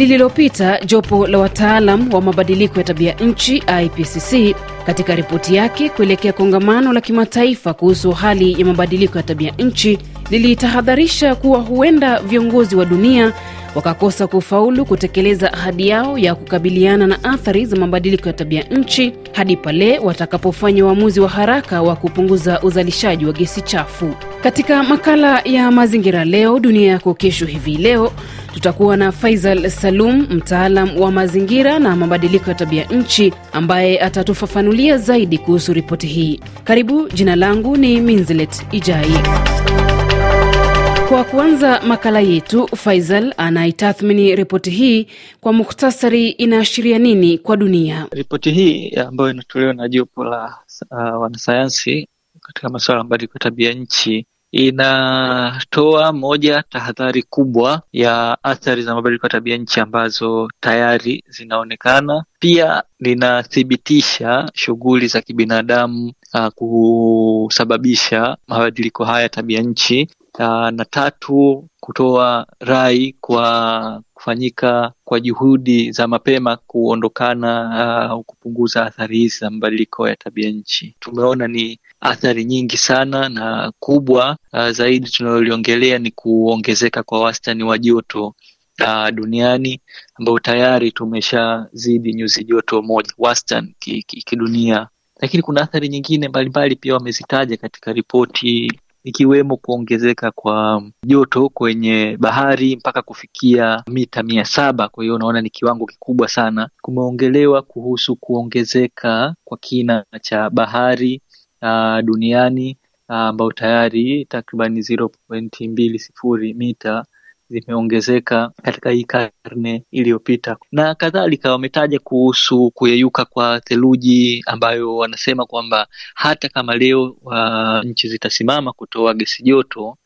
lililopita, jopo la wataalam wa mabadiliko ya tabia nchi IPCC katika ripoti yake kuelekea kongamano la kimataifa kuhusu hali ya mabadiliko ya tabia nchi lilitahadharisha kuwa huenda viongozi wa dunia wakakosa kufaulu kutekeleza ahadi yao ya kukabiliana na athari za mabadiliko ya tabia nchi hadi pale watakapofanya uamuzi wa haraka wa kupunguza uzalishaji wa gesi chafu. Katika makala ya mazingira leo dunia yako kesho, hivi leo tutakuwa na Faisal Salum, mtaalam wa mazingira na mabadiliko ya tabia nchi, ambaye atatufafanulia zaidi kuhusu ripoti hii. Karibu. Jina langu ni minzlet Ijai. Kwa kuanza makala yetu, Faisal anaitathmini ripoti hii kwa muktasari. Inaashiria nini kwa dunia? Ripoti hii ambayo inatolewa na jopo la uh, wanasayansi katika masuala ya mabadiliko ya tabia nchi inatoa moja tahadhari kubwa ya athari za mabadiliko ya tabia nchi ambazo tayari zinaonekana. Pia linathibitisha shughuli za kibinadamu uh, kusababisha mabadiliko haya ya tabia nchi na tatu, kutoa rai kwa kufanyika kwa juhudi za mapema kuondokana uh, au uh, kupunguza athari hizi za mabadiliko ya tabia nchi. Tumeona ni athari nyingi sana na kubwa uh, zaidi tunayoliongelea ni kuongezeka kwa wastani wa joto uh, duniani ambayo tayari tumeshazidi nyuzi joto moja wastani kidunia ki, ki, lakini kuna athari nyingine mbalimbali pia wamezitaja katika ripoti ikiwemo kuongezeka kwa joto kwenye bahari mpaka kufikia mita mia saba. Kwa hiyo unaona ni kiwango kikubwa sana. Kumeongelewa kuhusu kuongezeka kwa kina cha bahari uh, duniani ah, ambao uh, tayari takribani 0.20 mita zimeongezeka katika hii karne iliyopita na kadhalika. Wametaja kuhusu kuyeyuka kwa theluji ambayo wanasema kwamba hata kama leo uh, nchi zitasimama kutoa gesi joto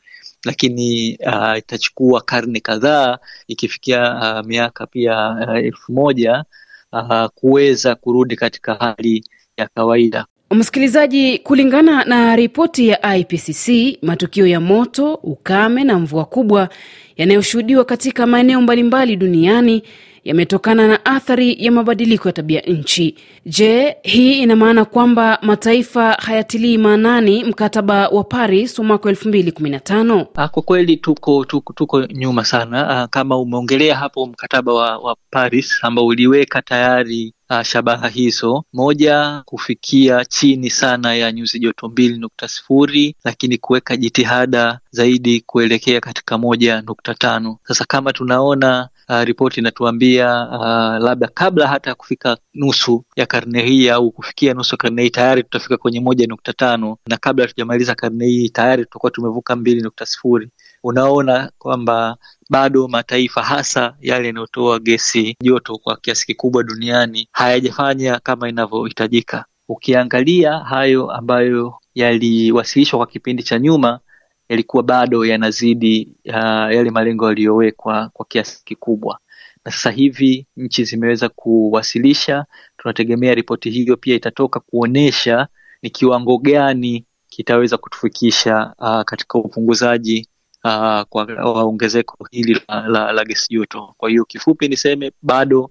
lakini uh, itachukua karne kadhaa ikifikia uh, miaka pia uh, elfu moja uh, kuweza kurudi katika hali ya kawaida. Msikilizaji, kulingana na ripoti ya IPCC, matukio ya moto, ukame na mvua kubwa yanayoshuhudiwa katika maeneo mbalimbali duniani yametokana na athari ya mabadiliko ya tabia nchi. Je, hii ina maana kwamba mataifa hayatilii maanani mkataba wa Paris wa mwaka elfu mbili kumi na tano? Ah, kwa kweli tuko, tuko, tuko nyuma sana. Ah, kama umeongelea hapo mkataba wa, wa Paris ambao uliweka tayari ah, shabaha hizo, moja kufikia chini sana ya nyuzi joto mbili nukta sifuri, lakini kuweka jitihada zaidi kuelekea katika moja nukta tano. Sasa kama tunaona uh, ripoti inatuambia uh, labda kabla hata ya kufika nusu ya karne hii au kufikia nusu ya karne hii tayari tutafika kwenye moja nukta tano na kabla hatujamaliza karne hii tayari tutakuwa tumevuka mbili nukta sifuri. Unaona kwamba bado mataifa hasa yale yanayotoa gesi joto kwa kiasi kikubwa duniani hayajafanya kama inavyohitajika. Ukiangalia hayo ambayo yaliwasilishwa kwa kipindi cha nyuma yalikuwa bado yanazidi uh, yale malengo yaliyowekwa kwa kiasi kikubwa, na sasa hivi nchi zimeweza kuwasilisha. Tunategemea ripoti hiyo pia itatoka kuonyesha ni kiwango gani kitaweza kutufikisha uh, katika upunguzaji uh, kwa ongezeko hili la, la, la gesi joto. Kwa hiyo kifupi niseme bado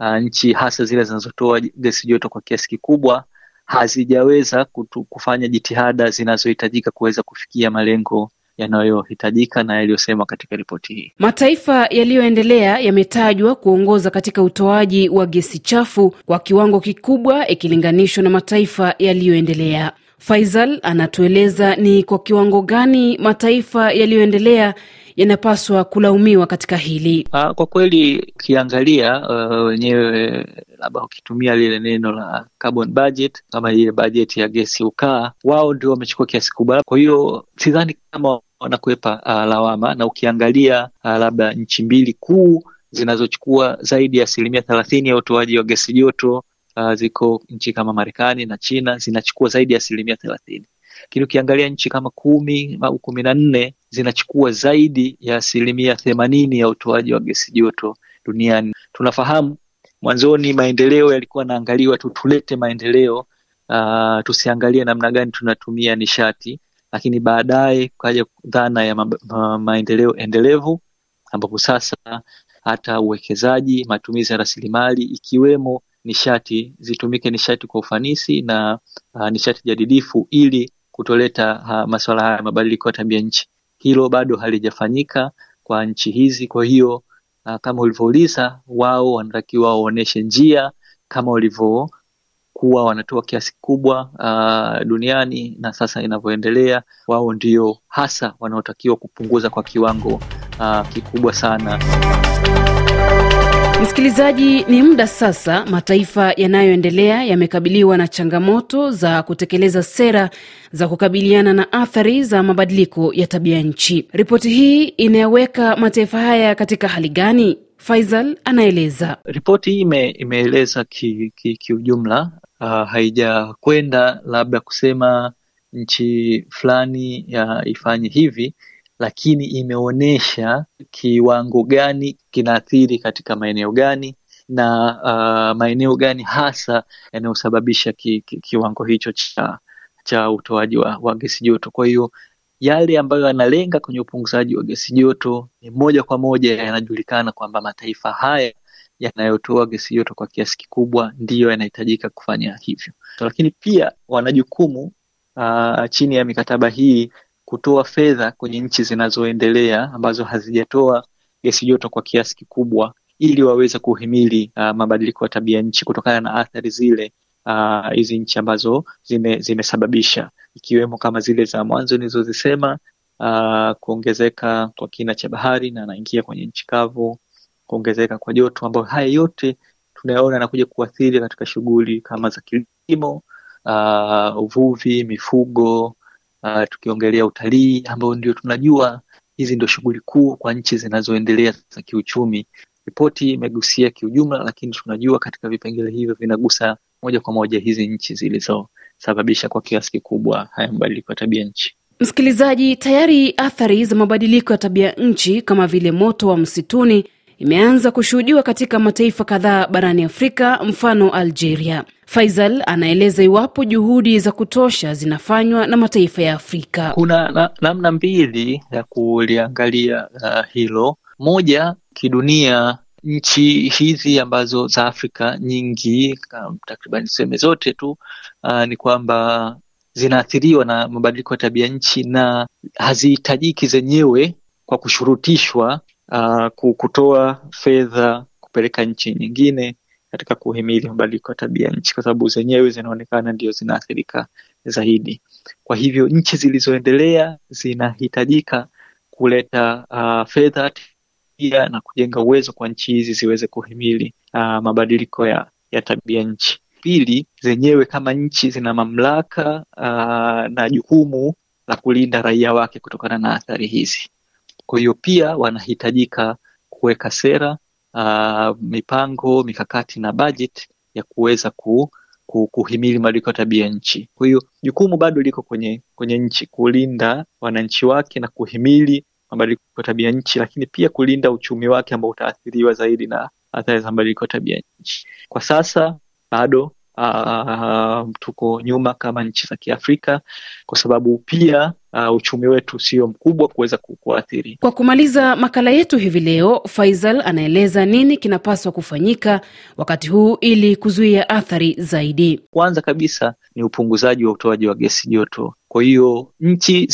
uh, nchi hasa zile zinazotoa gesi joto kwa kiasi kikubwa hazijaweza kutu, kufanya jitihada zinazohitajika kuweza kufikia malengo yanayohitajika na yaliyosema katika ripoti hii. Mataifa yaliyoendelea yametajwa kuongoza katika utoaji wa gesi chafu kwa kiwango kikubwa ikilinganishwa na mataifa yaliyoendelea. Faisal anatueleza ni kwa kiwango gani mataifa yaliyoendelea yanapaswa kulaumiwa katika hili. Ah, kwa kweli ukiangalia uh, wenyewe uh, labda ukitumia lile neno la carbon budget, kama ile bajeti ya gesi ukaa, wao ndio wamechukua kiasi kubwa. Kwa hiyo sidhani kama wanakwepa uh, lawama, na ukiangalia uh, labda nchi mbili kuu zinazochukua zaidi ya asilimia thelathini ya utoaji wa gesi joto uh, ziko nchi kama Marekani na China zinachukua zaidi ya asilimia thelathini lakini ukiangalia nchi kama kumi au kumi na nne zinachukua zaidi ya asilimia themanini ya utoaji wa gesi joto duniani. Tunafahamu mwanzoni maendeleo yalikuwa naangaliwa tu, tulete maendeleo uh, tusiangalie namna gani tunatumia nishati, lakini baadaye kaja dhana ya ma ma maendeleo endelevu ambapo sasa hata uwekezaji, matumizi ya rasilimali ikiwemo nishati zitumike nishati kwa ufanisi na uh, nishati jadidifu ili kutoleta uh, ah, masuala haya mabadiliko ya tabia nchi. Hilo bado halijafanyika kwa nchi hizi, kwa hiyo uh, kama ulivyouliza, wao wanatakiwa waonyeshe njia kama walivyokuwa wanatoa kiasi kikubwa uh, duniani na sasa inavyoendelea, wao ndio hasa wanaotakiwa kupunguza kwa kiwango uh, kikubwa sana. Msikilizaji, ni muda sasa. Mataifa yanayoendelea yamekabiliwa na changamoto za kutekeleza sera za kukabiliana na athari za mabadiliko ya tabia nchi. Ripoti hii inayoweka mataifa haya katika hali gani? Faisal anaeleza. Ripoti hii ime, imeeleza kiujumla ki, ki uh, haijakwenda labda kusema nchi fulani ya ah, ifanye hivi lakini imeonyesha kiwango gani kinaathiri katika maeneo gani na uh, maeneo gani hasa yanayosababisha ki, ki, kiwango hicho cha cha utoaji wa, wa gesi joto. Kwa hiyo yale ambayo yanalenga kwenye upunguzaji wa gesi joto ni moja kwa moja yanajulikana kwamba mataifa haya yanayotoa gesi joto kwa kiasi kikubwa ndiyo yanahitajika kufanya hivyo, lakini pia wana jukumu uh, chini ya mikataba hii kutoa fedha kwenye nchi zinazoendelea ambazo hazijatoa gesi joto kwa kiasi kikubwa ili waweze kuhimili uh, mabadiliko ya tabia nchi kutokana na athari zile uh, hizi uh, nchi ambazo zimesababisha zime ikiwemo kama zile za mwanzo nilizozisema, uh, kuongezeka kwa kina cha bahari na anaingia kwenye nchi kavu, kuongezeka kwa joto, ambayo haya yote tunayaona anakuja kuathiri katika shughuli kama za kilimo, uh, uvuvi, mifugo uh, tukiongelea utalii ambao ndio tunajua hizi ndio shughuli kuu kwa nchi zinazoendelea za kiuchumi. Ripoti imegusia kiujumla, lakini tunajua katika vipengele hivyo vinagusa moja kwa moja hizi nchi zilizosababisha kwa kiasi kikubwa haya mabadiliko ya tabia nchi. Msikilizaji, tayari athari za mabadiliko ya tabia nchi kama vile moto wa msituni imeanza kushuhudiwa katika mataifa kadhaa barani Afrika, mfano Algeria. Faisal anaeleza iwapo juhudi za kutosha zinafanywa na mataifa ya Afrika. Kuna na, namna mbili ya kuliangalia uh, hilo. Moja, kidunia nchi hizi ambazo za Afrika nyingi um, takriban seme zote tu uh, ni kwamba zinaathiriwa na mabadiliko ya tabia nchi na hazihitajiki zenyewe kwa kushurutishwa uh, kutoa fedha kupeleka nchi nyingine katika kuhimili mabadiliko ya tabia nchi, kwa sababu zenyewe zinaonekana ndio zinaathirika zaidi. Kwa hivyo nchi zilizoendelea zinahitajika kuleta uh, fedha pia na kujenga uwezo kwa nchi hizi ziweze kuhimili uh, mabadiliko ya, ya tabia nchi. Pili, zenyewe kama nchi zina mamlaka uh, na jukumu la kulinda raia wake kutokana na athari hizi. Kwa hiyo pia wanahitajika kuweka sera uh, mipango mikakati na bajeti ya kuweza ku, ku, kuhimili mabadiliko ya tabia nchi. Kwa hiyo jukumu bado liko kwenye, kwenye nchi kulinda wananchi wake na kuhimili mabadiliko ya tabia nchi, lakini pia kulinda uchumi wake ambao utaathiriwa zaidi na athari za mabadiliko ya tabia nchi. Kwa sasa bado uh, tuko nyuma kama nchi za Kiafrika kwa sababu pia uh, uchumi wetu sio mkubwa kuweza kuathiri. Kwa kumaliza makala yetu hivi leo, Faisal anaeleza nini kinapaswa kufanyika wakati huu ili kuzuia athari zaidi. Kwanza kabisa ni upunguzaji wa utoaji wa gesi joto. Kwa hiyo nchi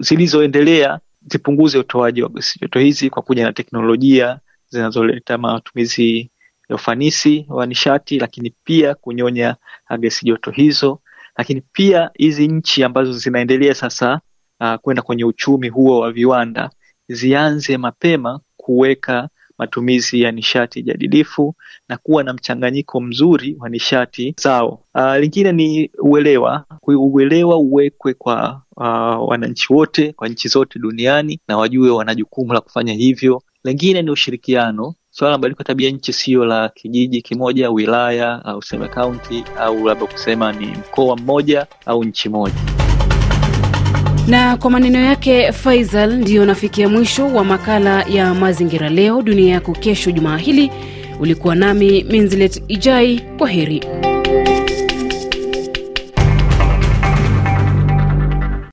zilizoendelea zipunguze utoaji wa gesi joto hizi kwa kuja na teknolojia zinazoleta matumizi ya ufanisi wa nishati, lakini pia kunyonya gesi joto hizo, lakini pia hizi nchi ambazo zinaendelea sasa uh, kwenda kwenye uchumi huo wa viwanda zianze mapema kuweka matumizi ya nishati jadidifu na kuwa na mchanganyiko mzuri wa nishati zao. Uh, lingine ni uelewa, uelewa uwekwe kwa uh, wananchi wote kwa nchi zote duniani na wajue wana jukumu la kufanya hivyo. Lingine ni ushirikiano Swala la mabadiliko ya tabia nchi sio la kijiji kimoja, wilaya au kusema kaunti au labda kusema ni mkoa mmoja au nchi moja. Na kwa maneno yake Faisal, ndiyo nafikia mwisho wa makala ya mazingira leo dunia yako kesho jumaa hili. Ulikuwa nami Minzilet Ijai, kwa heri.